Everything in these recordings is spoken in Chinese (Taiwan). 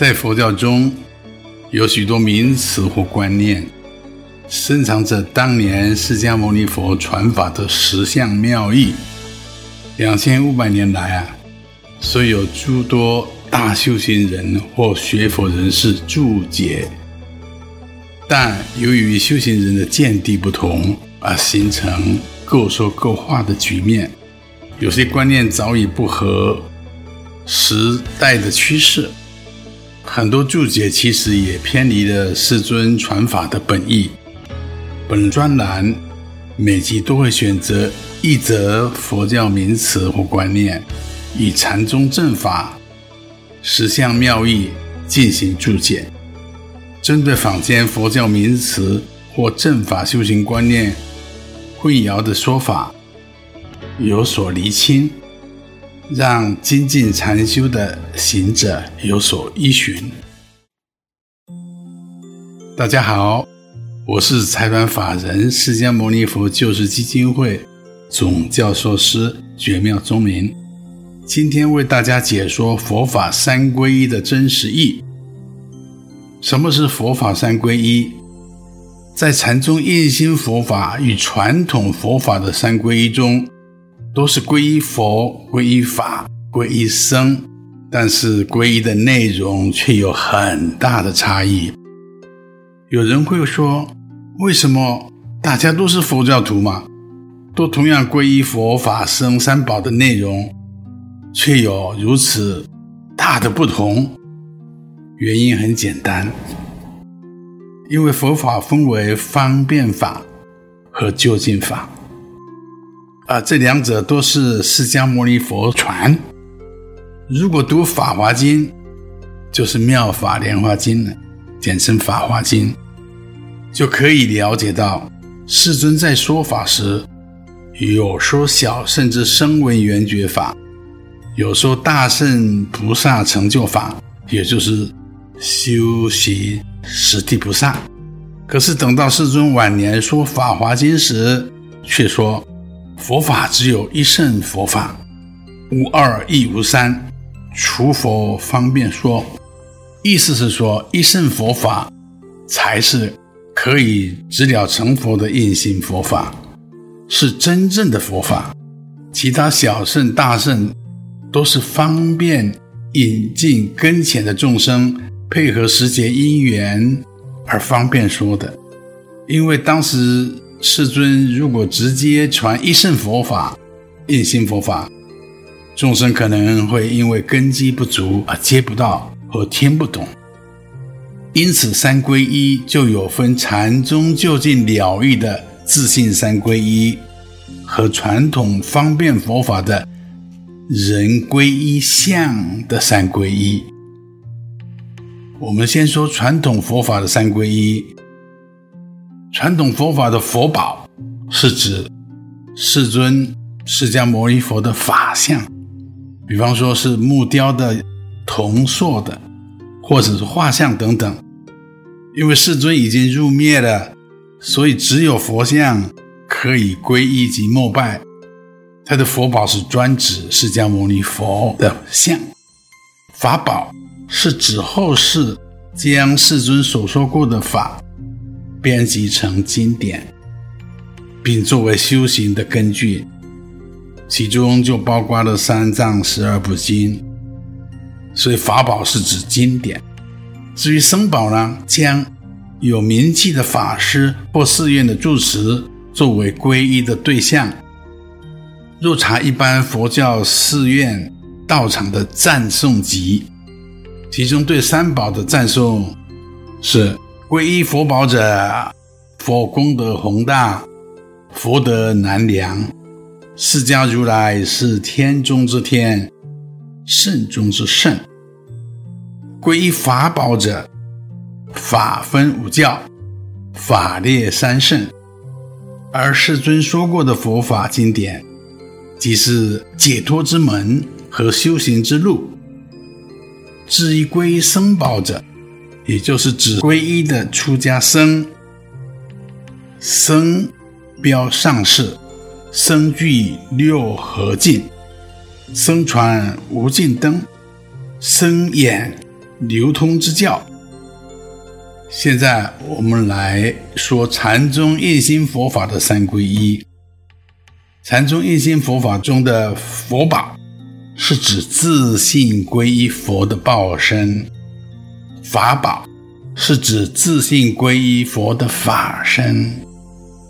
在佛教中，有許多名詞或觀念，深藏着當年釋迦牟尼佛傳法的實相妙義。兩千五百年來啊，雖有諸多大修行人或學佛人士注解，但由於修行人的見地不同，而形成各說各話的局面。有些觀念早已不合時代的趨勢。很多注解其實也偏離了世尊傳法的本意。本專欄每集都會選擇一則佛教名詞或觀念，以禪宗正法實相妙義進行注解，針對坊間佛教名詞或正法修行觀念混淆的說法有所釐清。讓精進禪修的行者有所依循。大家好，我是財團法人釋迦牟尼佛救世基金會總教授師覺妙鐘明，今天為大家解說佛法三皈依的真實義。什麼是佛法三皈依？在禪宗、印心佛法與傳統佛法的三皈依中，都是皈依佛、皈依法、皈依僧，但是皈依的內容卻有很大的差異。有人會說，為什麼大家都是佛教徒嘛，都同樣皈依佛法僧三寶的內容，卻有如此大的不同？原因很簡單，因為佛法分為方便法和究竟法。啊，這兩者都是釋迦牟尼佛傳。如果讀《法華經》，就是《妙法蓮華經》了，簡稱《法華經》，就可以了解到，世尊在說法時，有說小，甚至聲聞緣覺法；有說大聖菩薩成就法，也就是修習十地菩薩。可是等到世尊晚年說法華經時，卻說。佛法只有一乘佛法，無二亦無三，除佛方便說。意思是說一乘佛法才是可以直了成佛的印心佛法，是真正的佛法，其他小乘大乘，都是方便引進跟前的眾生，配合時節因緣而方便說的，因為當時。世尊如果直接傳一乘佛法、印心佛法，眾生可能會因為根基不足而接不到或聽不懂。因此，三皈依就有分禪宗究竟了義的自性三皈依，和傳統方便佛法的人皈依相的三皈依。我們先說傳統佛法的三皈依。傳統佛法的佛寶是指世尊釋迦牟尼佛的法相，比方說是木雕的、銅塑的，或者是畫像等等。因為世尊已經入滅了，所以只有佛像可以皈依及膜拜。他的佛寶是專指釋迦牟尼佛的像，法寶是指後世將世尊所說過的法，編輯成經典，並作為修行的根據，其中就包括了三藏十二部經。所以法寶是指經典。至於僧寶呢，將有名氣的法師、或寺院的住持作為皈依的對象。若查一般佛教寺院道場的贊頌集，其中對三寶的贊頌是。皈依佛寶者，佛功德宏大，福德難量。釋迦如來是天中之天，聖中之聖。皈依法寶者，法分五教，法列三聖。而世尊說過的佛法經典，即是解脫之門和修行之路。至於皈依僧寶者，也就是指皈依的出家僧，僧標上士，僧具六和敬，僧傳無盡燈，僧眼流通之教。現在我們來說禪宗印心佛法的三皈依。禪宗印心佛法中的佛寶，是指自信皈依佛的報身。法寶是指自信皈依佛的法身，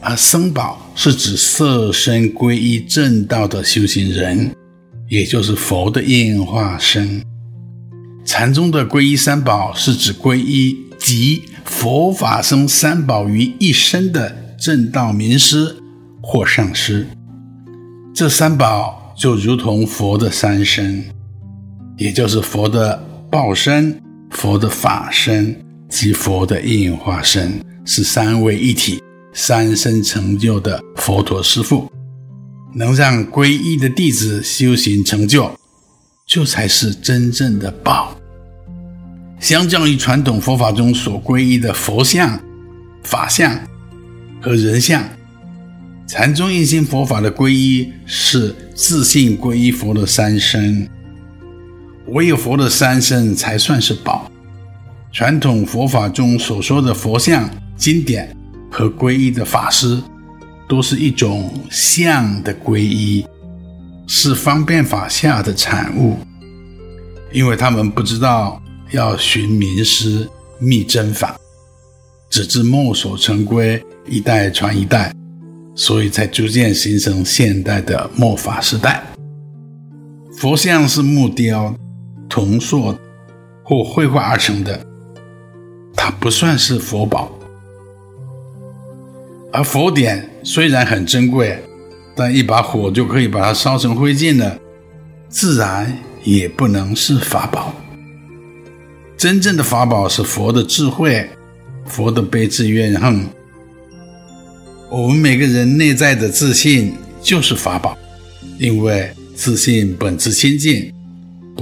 而僧寶是指色身皈依正道的修行人，也就是佛的應化身。禪宗的皈依三寶是指皈依集佛法僧三寶於一身的正道名師或上師。這三寶就如同佛的三身，也就是佛的報身。佛的法身及佛的應化身是三位一體、三身成就的佛陀師父，能讓皈依的弟子修行成就，這才是真正的寶。相較於傳統佛法中所皈依的佛像、法像和人像，禪宗印心佛法的皈依是自信皈依佛的三身。唯有佛的三身才算是寶。傳統佛法中所說的佛像、經典和皈依的法師，都是一種相的皈依，是方便法下的產物。因為他們不知道要尋名師覓真法，只知墨守成規，一代傳一代，所以才逐漸形成現代的末法時代。佛像是木雕。銅塑或繪畫而成的，它不算是佛寶；而佛典雖然很珍貴，但一把火就可以把它燒成灰燼了，自然也不能是法寶。真正的法寶是佛的智慧，佛的悲智願行。我們每個人內在的自信就是法寶，因為自信本自清淨。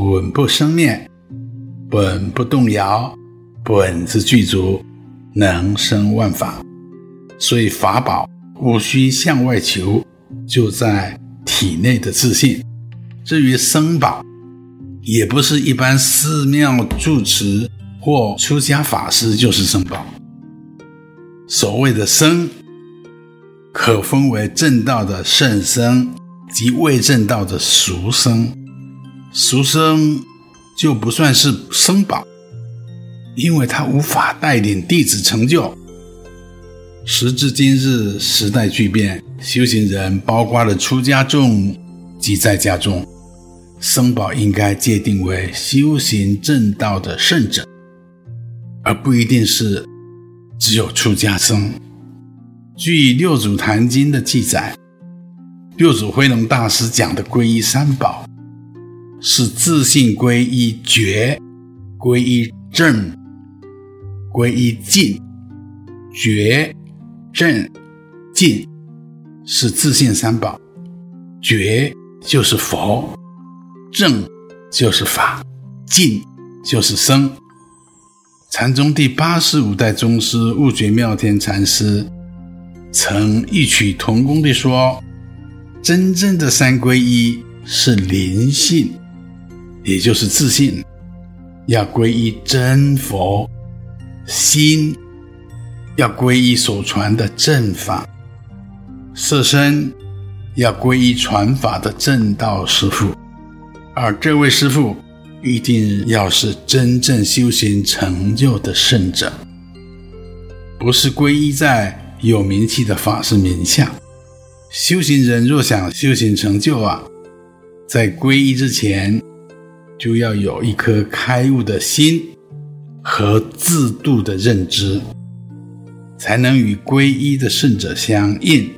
本不生滅，本不動搖，本自具足，能生萬法。所以法寶無需向外求，就在體內的自信。至於僧寶，也不是一般寺廟住持或出家法師就是僧寶。所謂的僧，可分為正道的聖僧及未正道的俗僧。俗生就不算是僧寶，因為他無法帶領弟子成就。時至今日，時代巨變，修行人包括了出家眾及在家眾，僧寶應該界定為修行正道的聖者，而不一定是只有出家僧。據《六祖壇經》的記載，六祖慧能大師講的皈依三寶。是自信皈依覺，皈依正，皈依淨，覺、正、淨是自信三寶。覺就是佛，正就是法，淨就是僧。禪宗第八十五代宗師悟覺妙天禪師曾異曲同工地說：“真正的三皈依是靈性。”也就是自信，要皈依真佛；心要皈依所傳的正法；色身要皈依傳法的正道師父。而這位師父一定要是真正修行成就的聖者，不是皈依在有名氣的法師名下。修行人若想修行成就啊，在皈依之前，就要有一顆開悟的心和自度的認知，才能與皈依的聖者相應，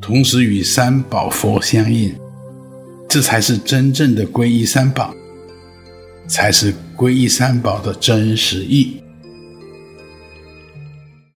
同時與三寶佛相應，這才是真正的皈依三寶，才是皈依三寶的真實意。